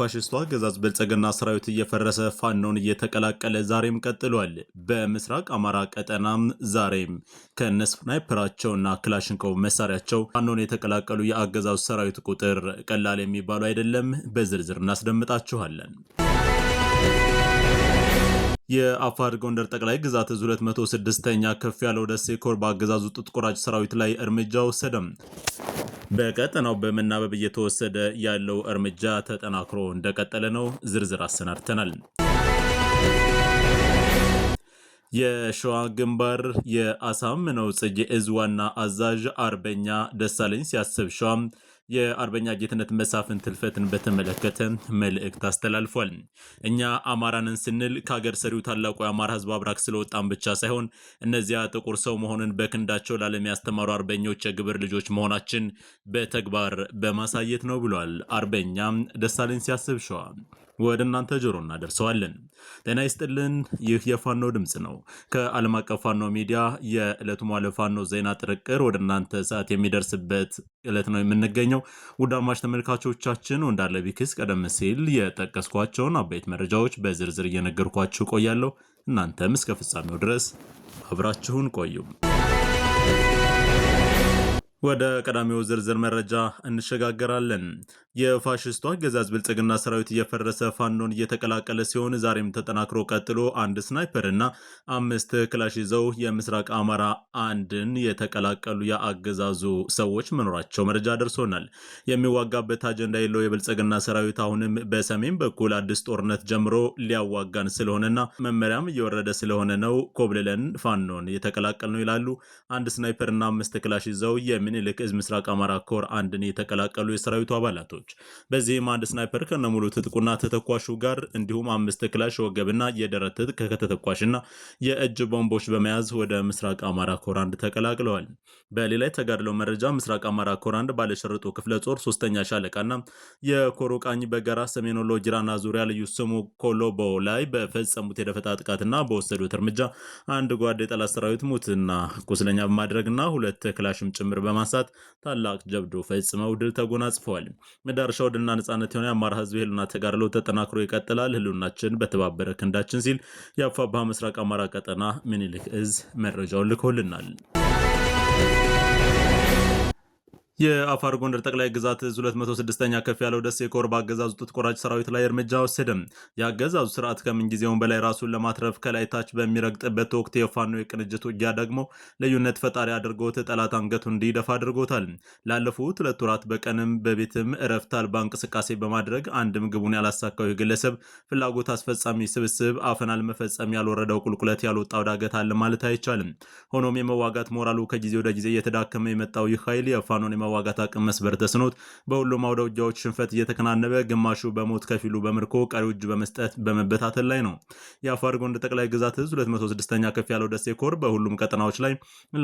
የፋሽስቱ አገዛዝ ብልጽግና ሰራዊት እየፈረሰ ፋኖን እየተቀላቀለ ዛሬም ቀጥሏል። በምስራቅ አማራ ቀጠናም ዛሬም ከነ ክላሽንኮቭ መሳሪያቸው ፋኖን የተቀላቀሉ የአገዛዙ ሰራዊት ቁጥር ቀላል የሚባሉ አይደለም። በዝርዝር እናስደምጣችኋለን። የአፋር ጎንደር ጠቅላይ ግዛት እዝ 206ኛ ከፍ ያለው ደሴ ኮር በአገዛዙ ጥጥ ቆራጭ ሰራዊት ላይ እርምጃ ወሰደም። በቀጠናው በመናበብ እየተወሰደ ያለው እርምጃ ተጠናክሮ እንደቀጠለ ነው። ዝርዝር አሰናድተናል። የሸዋ ግንባር የአሳምነው ጽጌ እዝ ዋና አዛዥ አርበኛ ደሳለኝ ሲያስብ ሸዋም የአርበኛ ጌትነት መሳፍን ትልፈትን በተመለከተ መልእክት አስተላልፏል። እኛ አማራንን ስንል ከሀገር ሰሪው ታላቁ የአማራ ሕዝብ አብራክ ስለወጣን ብቻ ሳይሆን እነዚያ ጥቁር ሰው መሆንን በክንዳቸው ለዓለም ያስተማሩ አርበኞች የግብር ልጆች መሆናችን በተግባር በማሳየት ነው ብሏል። አርበኛ ደሳለኝ ሲያስብ ሸዋ ወደ እናንተ ጆሮ እናደርሰዋለን። ጤና ይስጥልን። ይህ የፋኖ ድምፅ ነው። ከዓለም አቀፍ ፋኖ ሚዲያ የዕለቱ ማለ ፋኖ ዜና ጥርቅር ወደ እናንተ ሰዓት የሚደርስበት ዕለት ነው የምንገኘው። ውዳማሽ ተመልካቾቻችን ወንዳለ ቢክስ ቀደም ሲል የጠቀስኳቸውን አበይት መረጃዎች በዝርዝር እየነገርኳችሁ ቆያለሁ። እናንተም እስከ ፍጻሜው ድረስ አብራችሁን ቆዩ። ወደ ቀዳሚው ዝርዝር መረጃ እንሸጋገራለን። የፋሽስቱ አገዛዝ ብልጽግና ሰራዊት እየፈረሰ ፋኖን እየተቀላቀለ ሲሆን ዛሬም ተጠናክሮ ቀጥሎ አንድ ስናይፐር እና አምስት ክላሽ ይዘው የምስራቅ አማራ አንድን የተቀላቀሉ የአገዛዙ ሰዎች መኖራቸው መረጃ ደርሶናል። የሚዋጋበት አጀንዳ የለው የብልጽግና ሰራዊት አሁንም በሰሜን በኩል አዲስ ጦርነት ጀምሮ ሊያዋጋን ስለሆነና መመሪያም እየወረደ ስለሆነ ነው ኮብልለን ፋኖን እየተቀላቀል ነው ይላሉ። አንድ ስናይፐር እና አምስት ክላሽ ይዘው የሚ ምኒልክ እዝ ምስራቅ አማራ ኮር አንድን የተቀላቀሉ የሰራዊቱ አባላቶች በዚህም አንድ ስናይፐር ከነሙሉ ትጥቁና ተተኳሹ ጋር እንዲሁም አምስት ክላሽ ወገብና የደረት ትጥቅ ከተተኳሽና የእጅ ቦምቦች በመያዝ ወደ ምስራቅ አማራ ኮር አንድ ተቀላቅለዋል። በሌላ የተጋድለው መረጃ ምስራቅ አማራ ኮር አንድ ባለሸርጡ ክፍለ ጦር ሶስተኛ ሻለቃና የኮሮ ቃኝ በጋራ ሰሜን ወሎ ጅራና ዙሪያ ልዩ ስሙ ኮሎቦ ላይ በፈጸሙት የደፈጣ ጥቃትና በወሰዱት እርምጃ አንድ ጓድ የጠላት ሰራዊት ሙትና ቁስለኛ በማድረግና ሁለት ክላሽም ጭምር በማ በማንሳት ታላቅ ጀብዶ ፈጽመው ድል ተጎናጽፈዋል። መዳረሻው ድልና ነጻነት የሆነ የአማራ ህዝብ ህልና ተጋድሎ ተጠናክሮ ይቀጥላል። ህልውናችን በተባበረ ክንዳችን ሲል የአፋብኃ ምስራቅ አማራ ቀጠና ምኒልክ እዝ መረጃውን ልኮልናል። የአፋር ጎንደር ጠቅላይ ግዛት እዝ 26 ኛ ከፍ ያለው ደሴ ኮር በአገዛዙ ጡት ቆራጭ ሰራዊት ላይ እርምጃ ወሰደም። የአገዛዙ ስርዓት ከምንጊዜውን በላይ ራሱን ለማትረፍ ከላይ ታች በሚረግጥበት ወቅት የፋኖ የቅንጅት ውጊያ ደግሞ ልዩነት ፈጣሪ አድርጎት ጠላት አንገቱ እንዲደፋ አድርጎታል። ላለፉት ሁለት ወራት በቀንም በቤትም እረፍት አልባ እንቅስቃሴ በማድረግ አንድም ግቡን ያላሳካው ግለሰብ ፍላጎት አስፈጻሚ ስብስብ አፈና ለመፈጸም ያልወረደው ቁልቁለት ያልወጣው ዳገት አለ ማለት አይቻልም። ሆኖም የመዋጋት ሞራሉ ከጊዜ ወደ ጊዜ እየተዳከመ የመጣው ይህ ኃይል የፋኖን የመዋጋት አቅም መስበር ተስኖት በሁሉም አውደ ውጊያዎች ሽንፈት እየተከናነበ ግማሹ በሞት ከፊሉ በምርኮ ቀሪው እጅ በመስጠት በመበታተል ላይ ነው። የአፋር ጎንድ ጠቅላይ ግዛት እዝ 206ኛ ከፍ ያለው ደሴ ኮር በሁሉም ቀጠናዎች ላይ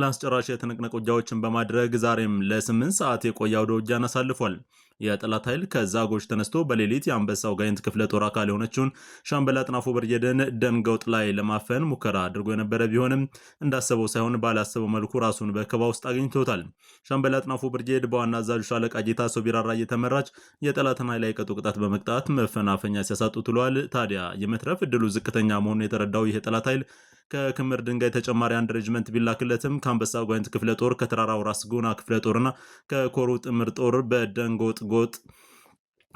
ለአስጨራሽ የትንቅንቅ ውጊያዎችን በማድረግ ዛሬም ለ8 ሰዓት የቆየ አውደ ውጊያን አሳልፏል። የጠላት ኃይል ከዛጎች ተነስቶ በሌሊት የአንበሳው ጋይንት ክፍለ ጦር አካል የሆነችውን ሻምበላ አጥናፉ ብርጌድን ደንገውጥ ላይ ለማፈን ሙከራ አድርጎ የነበረ ቢሆንም እንዳሰበው ሳይሆን ባላሰበው መልኩ ራሱን በከባ ውስጥ አግኝቶታል። ሻምበላ አጥናፉ ብርጌድ ስትሄድ በዋና አዛዦች አለቃ ሰው ቢራራ እየተመራች የጠላትን ኃይል አይቀጡ ቅጣት በመቅጣት መፈናፈኛ ሲያሳጡ ትሏል። ታዲያ የመትረፍ እድሉ ዝቅተኛ መሆኑን የተረዳው ይህ የጠላት ኃይል ከክምር ድንጋይ ተጨማሪ አንድ ሬጅመንት ቢላክለትም ከአንበሳ ጓይንት ክፍለ ጦር፣ ከተራራው ራስ ጉና ክፍለ ጦርና ከኮሩ ጥምር ጦር በደንጎጥ ጎጥ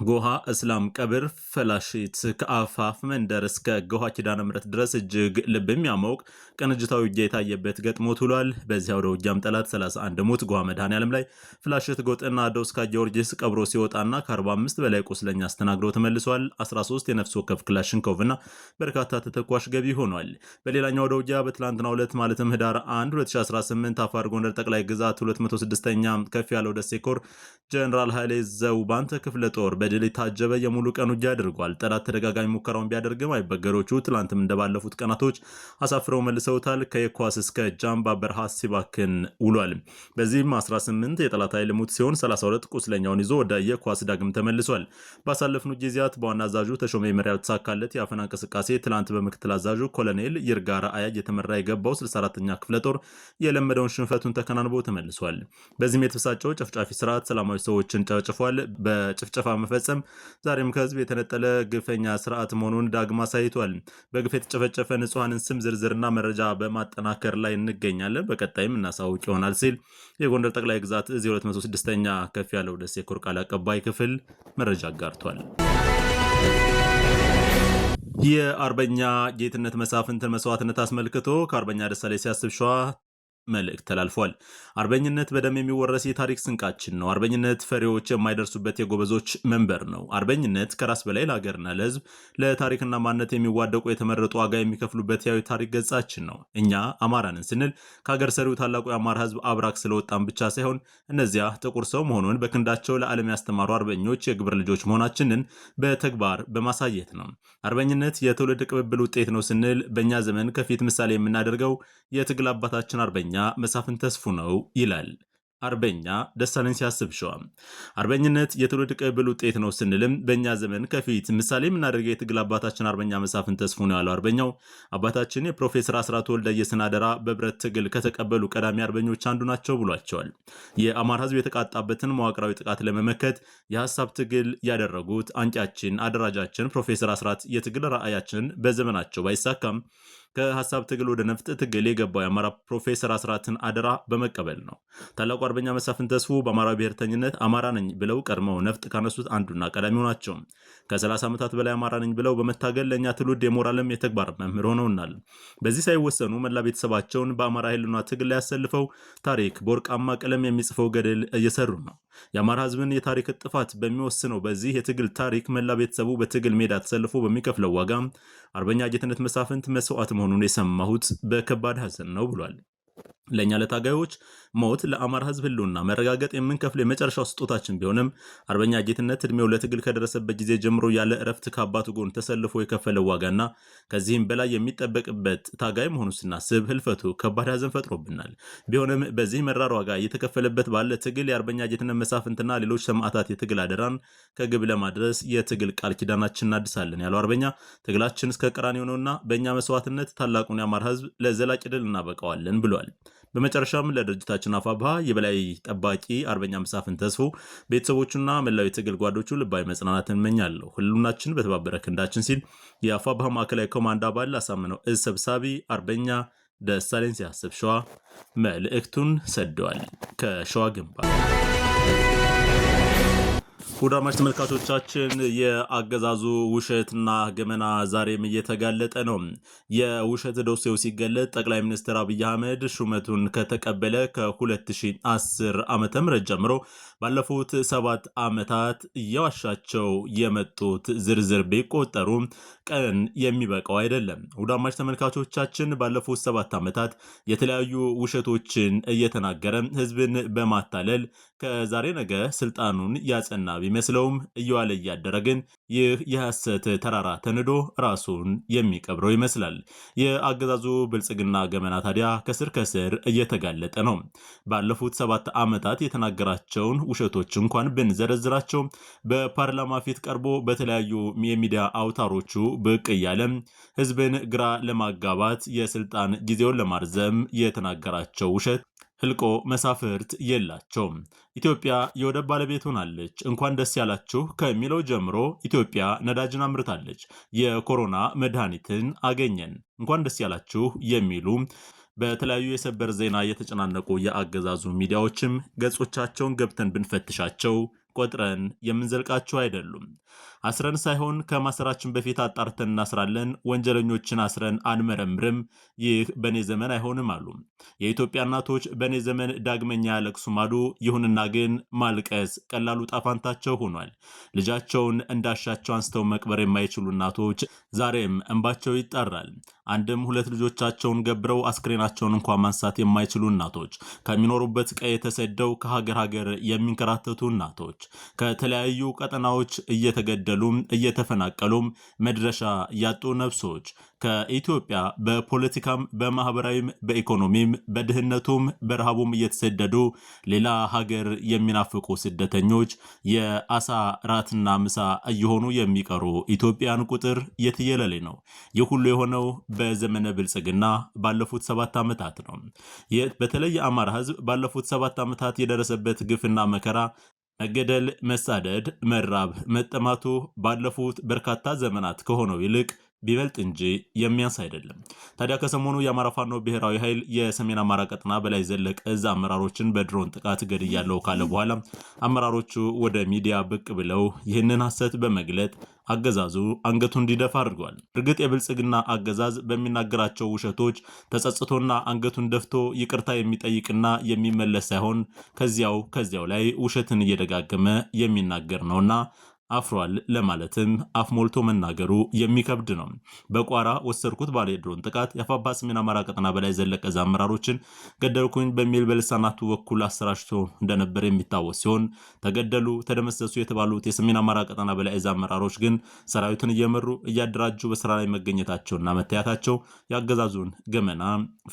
ጎሃ እስላም ቀብር ፈላሽት ከአፋፍ መንደር እስከ ጎሃ ኪዳነ ምሕረት ድረስ እጅግ ልብ የሚያሞቅ ቅንጅታዊ ውጊያ የታየበት ገጥሞት ውሏል። በዚህ አውደ ውጊያም ጠላት 31 ሞት ጎሃ መድኃኔዓለም ላይ ፍላሽት ጎጥና ደውስካ ጊዮርጊስ ቀብሮ ሲወጣና ከ45 በላይ ቁስለኛ አስተናግዶ ተመልሷል። 13 የነፍስ ወከፍ ክላሽንኮቭና በርካታ ተተኳሽ ገቢ ሆኗል። በሌላኛው አውደ ውጊያ በትላንትና ሁለት ማለትም ህዳር 1 2018 አፋር ጎንደር ጠቅላይ ግዛት 206ኛ ከፍ ያለው ደሴ ኮር ጀኔራል ኃይሌ ዘውባንተ ክፍለ ጦር በድል የታጀበ የሙሉ ቀን ውጊያ አድርጓል። ጠላት ተደጋጋሚ ሙከራውን ቢያደርግም አይበገሮቹ ትላንትም እንደባለፉት ቀናቶች አሳፍረው መልሰውታል። ከየኳስ እስከ ጃምባ በረሃ ሲባክን ውሏል። በዚህም 18 የጠላት ኃይል ሙት ሲሆን 32 ቁስለኛውን ይዞ ወደ የኳስ ዳግም ተመልሷል። ባሳለፍኑ ጊዜያት በዋና አዛዡ ተሾመ መሪያ ተሳካለት የአፈና እንቅስቃሴ ትላንት በምክትል አዛዡ ኮሎኔል ይርጋር አያጅ የተመራ የገባው 64ኛ ክፍለ ጦር የለመደውን ሽንፈቱን ተከናንቦ ተመልሷል። በዚህም የተበሳጨው ጨፍጫፊ ስርዓት ሰላማዊ ሰዎችን ጨፍጭፏል። በጭፍጨፋ በመፈጸም ዛሬም ከህዝብ የተነጠለ ግፈኛ ስርዓት መሆኑን ዳግም አሳይቷል። በግፍ የተጨፈጨፈ ንጹሐንን ስም ዝርዝርና መረጃ በማጠናከር ላይ እንገኛለን። በቀጣይም እናሳውቅ ይሆናል ሲል የጎንደር ጠቅላይ ግዛት እዝ 206ኛ ከፍ ያለው ደሴ ኮር ቃል አቀባይ ክፍል መረጃ አጋርቷል። የአርበኛ ጌትነት መሳፍንትን መስዋዕትነት አስመልክቶ ከአርበኛ ደሳሌ ሲያስብ ሸዋ መልእክት ተላልፏል። አርበኝነት በደም የሚወረስ የታሪክ ስንቃችን ነው። አርበኝነት ፈሪዎች የማይደርሱበት የጎበዞች መንበር ነው። አርበኝነት ከራስ በላይ ለሀገርና ለሕዝብ ለታሪክና ማንነት የሚዋደቁ የተመረጡ ዋጋ የሚከፍሉበት ያዊ ታሪክ ገጻችን ነው። እኛ አማራንን ስንል ከሀገር ሰሪው ታላቁ የአማራ ሕዝብ አብራክ ስለወጣን ብቻ ሳይሆን እነዚያ ጥቁር ሰው መሆኑን በክንዳቸው ለዓለም ያስተማሩ አርበኞች የግብር ልጆች መሆናችንን በተግባር በማሳየት ነው። አርበኝነት የትውልድ ቅብብል ውጤት ነው ስንል በእኛ ዘመን ከፊት ምሳሌ የምናደርገው የትግል አባታችን አርበኝ አርበኛ መሳፍን ተስፉ ነው ይላል። አርበኛ ደሳለኝ ሲያስብ ሸዋ አርበኝነት የትውልድ ቅብል ውጤት ነው ስንልም በእኛ ዘመን ከፊት ምሳሌ የምናደርገው የትግል አባታችን አርበኛ መሳፍን ተስፉ ነው ያለው አርበኛው አባታችን የፕሮፌሰር አስራት ወልደየስን አደራ በብረት ትግል ከተቀበሉ ቀዳሚ አርበኞች አንዱ ናቸው ብሏቸዋል። የአማራ ሕዝብ የተቃጣበትን መዋቅራዊ ጥቃት ለመመከት የሀሳብ ትግል ያደረጉት አንቂያችን አደራጃችን ፕሮፌሰር አስራት የትግል ራዕያችን በዘመናቸው ባይሳካም ከሀሳብ ትግል ወደ ነፍጥ ትግል የገባው የአማራ ፕሮፌሰር አስራትን አደራ በመቀበል ነው። ታላቁ አርበኛ መሳፍን ተስፉ በአማራ ብሔርተኝነት አማራ ነኝ ብለው ቀድመው ነፍጥ ካነሱት አንዱና ቀዳሚው ናቸው። ከ30 ዓመታት በላይ አማራ ነኝ ብለው በመታገል ለእኛ ትውልድ የሞራልም የተግባር መምህር ሆነውናል። በዚህ ሳይወሰኑ መላ ቤተሰባቸውን በአማራ ህልና ትግል ላይ ያሰልፈው ታሪክ በወርቃማ ቀለም የሚጽፈው ገደል እየሰሩ ነው። የአማራ ህዝብን የታሪክ ጥፋት በሚወስነው በዚህ የትግል ታሪክ መላ ቤተሰቡ በትግል ሜዳ ተሰልፎ በሚከፍለው ዋጋ አርበኛ ጌትነት መሳፍንት መስዋዕት መሆኑን የሰማሁት በከባድ ሐዘን ነው ብሏል። ለእኛ ለታጋዮች ሞት ለአማራ ህዝብ ህልውና መረጋገጥ የምንከፍል የመጨረሻው ስጦታችን ቢሆንም አርበኛ ጌትነት እድሜው ለትግል ከደረሰበት ጊዜ ጀምሮ ያለ እረፍት ከአባቱ ጎን ተሰልፎ የከፈለው ዋጋና ከዚህም በላይ የሚጠበቅበት ታጋይ መሆኑ ስናስብ ህልፈቱ ከባድ ሐዘን ፈጥሮብናል። ቢሆንም በዚህ መራር ዋጋ እየተከፈለበት ባለ ትግል የአርበኛ ጌትነት መሳፍንትና ሌሎች ሰማዕታት የትግል አደራን ከግብ ለማድረስ የትግል ቃል ኪዳናችን እናድሳለን ያለው አርበኛ ትግላችን እስከ ቀራን የሆነውና በእኛ መስዋዕትነት ታላቁን የአማራ ህዝብ ለዘላቂ ድል እናበቃዋለን ብሏል። በመጨረሻም ለድርጅታችን አፋብሃ የበላይ ጠባቂ አርበኛ መሳፍን ተስፎ ቤተሰቦቹና መላዊ የትግል ጓዶቹ ልባዊ መጽናናትን እመኛለሁ። ሁሉናችን በተባበረ ክንዳችን ሲል የአፋብሃ ማዕከላዊ ኮማንድ አባል አሳምነው እዝ ሰብሳቢ አርበኛ ደሳለኝ ሲያስብ ሸዋ መልእክቱን ሰደዋል። ከሸዋ ግንባር ኩዳማች ተመልካቾቻችን የአገዛዙ ውሸትና ገመና ዛሬም እየተጋለጠ ነው። የውሸት ዶሴው ሲገለጥ ጠቅላይ ሚኒስትር አብይ አህመድ ሹመቱን ከተቀበለ ከ2010 ዓ ም ጀምሮ ባለፉት ሰባት ዓመታት እየዋሻቸው የመጡት ዝርዝር ቢቆጠሩ ቀን የሚበቃው አይደለም። ኩዳማች ተመልካቾቻችን ባለፉት ሰባት ዓመታት የተለያዩ ውሸቶችን እየተናገረ ህዝብን በማታለል ከዛሬ ነገ ስልጣኑን ያጸና ቢመስለውም እየዋለ እያደረ ግን ይህ የሐሰት ተራራ ተንዶ ራሱን የሚቀብረው ይመስላል። የአገዛዙ ብልጽግና ገመና ታዲያ ከስር ከስር እየተጋለጠ ነው። ባለፉት ሰባት ዓመታት የተናገራቸውን ውሸቶች እንኳን ብንዘረዝራቸው በፓርላማ ፊት ቀርቦ በተለያዩ የሚዲያ አውታሮቹ ብቅ እያለም ህዝብን ግራ ለማጋባት የስልጣን ጊዜውን ለማርዘም የተናገራቸው ውሸት ህልቆ መሳፍርት የላቸውም። ኢትዮጵያ የወደብ ባለቤት ሆናለች፣ እንኳን ደስ ያላችሁ ከሚለው ጀምሮ ኢትዮጵያ ነዳጅን አምርታለች፣ የኮሮና መድኃኒትን አገኘን፣ እንኳን ደስ ያላችሁ የሚሉ በተለያዩ የሰበር ዜና የተጨናነቁ የአገዛዙ ሚዲያዎችም ገጾቻቸውን ገብተን ብንፈትሻቸው ቆጥረን የምንዘልቃቸው አይደሉም። አስረን ሳይሆን ከማሰራችን በፊት አጣርተን እናስራለን። ወንጀለኞችን አስረን አንመረምርም። ይህ በእኔ ዘመን አይሆንም አሉ። የኢትዮጵያ እናቶች በእኔ ዘመን ዳግመኛ ያለቅሱም አሉ። ይሁንና ግን ማልቀስ ቀላሉ ጣፋንታቸው ሆኗል። ልጃቸውን እንዳሻቸው አንስተው መቅበር የማይችሉ እናቶች ዛሬም እንባቸው ይጣራል። አንድም ሁለት ልጆቻቸውን ገብረው አስክሬናቸውን እንኳ ማንሳት የማይችሉ እናቶች፣ ከሚኖሩበት ቀይ የተሰደው ከሀገር ሀገር የሚንከራተቱ እናቶች ከተለያዩ ቀጠናዎች እየተ እየተገደሉም እየተፈናቀሉም መድረሻ ያጡ ነፍሶች ከኢትዮጵያ በፖለቲካም በማህበራዊም በኢኮኖሚም በድህነቱም በረሃቡም እየተሰደዱ ሌላ ሀገር የሚናፍቁ ስደተኞች የአሳ ራትና ምሳ እየሆኑ የሚቀሩ ኢትዮጵያን ቁጥር የትየለሌ ነው። ይህ ሁሉ የሆነው በዘመነ ብልጽግና ባለፉት ሰባት ዓመታት ነው። በተለይ የአማራ ህዝብ ባለፉት ሰባት ዓመታት የደረሰበት ግፍና መከራ መገደል፣ መሳደድ፣ መራብ፣ መጠማቱ ባለፉት በርካታ ዘመናት ከሆነው ይልቅ ቢበልጥ እንጂ የሚያንስ አይደለም። ታዲያ ከሰሞኑ የአማራ ፋኖ ብሔራዊ ኃይል የሰሜን አማራ ቀጠና በላይ ዘለቀ እዝ አመራሮችን በድሮን ጥቃት ገድያለው ካለ በኋላ አመራሮቹ ወደ ሚዲያ ብቅ ብለው ይህንን ሐሰት በመግለጥ አገዛዙ አንገቱ እንዲደፋ አድርጓል። እርግጥ የብልጽግና አገዛዝ በሚናገራቸው ውሸቶች ተጸጽቶና አንገቱን ደፍቶ ይቅርታ የሚጠይቅና የሚመለስ ሳይሆን ከዚያው ከዚያው ላይ ውሸትን እየደጋገመ የሚናገር ነውና አፍሯል ለማለትም አፍ ሞልቶ መናገሩ የሚከብድ ነው። በቋራ ወሰድኩት ባለ የድሮን ጥቃት የአፋባ ሰሜን አማራ ቀጠና በላይ ዘለቀ እዝ አመራሮችን ገደልኩኝ በሚል በልሳናቱ በኩል አሰራጭቶ እንደነበር የሚታወስ ሲሆን ተገደሉ፣ ተደመሰሱ የተባሉት የሰሜን አማራ ቀጠና በላይ እዝ አመራሮች ግን ሰራዊቱን እየመሩ እያደራጁ በስራ ላይ መገኘታቸውና መታየታቸው የአገዛዙን ገመና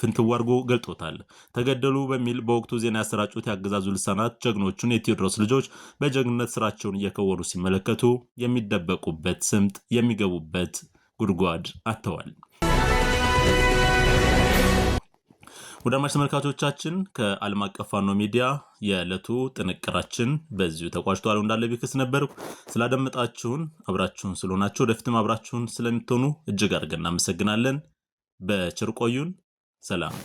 ፍንትው አድርጎ ገልጦታል። ተገደሉ በሚል በወቅቱ ዜና ያሰራጩት የአገዛዙ ልሳናት ጀግኖቹን የቴዎድሮስ ልጆች በጀግንነት ስራቸውን እየከወኑ ሲመለከ ሲመለከቱ የሚደበቁበት ስምጥ፣ የሚገቡበት ጉድጓድ አጥተዋል። ወደ ተመልካቾቻችን ከዓለም አቀፍ ፋኖ ሚዲያ የዕለቱ ጥንቅራችን በዚሁ ተቋጭቷል። እንዳለ ቢክስ ነበርኩ። ስላደመጣችሁን አብራችሁን ስለሆናችሁ ወደፊትም አብራችሁን ስለምትሆኑ እጅግ አድርገን እናመሰግናለን። በቸር ቆዩን። ሰላም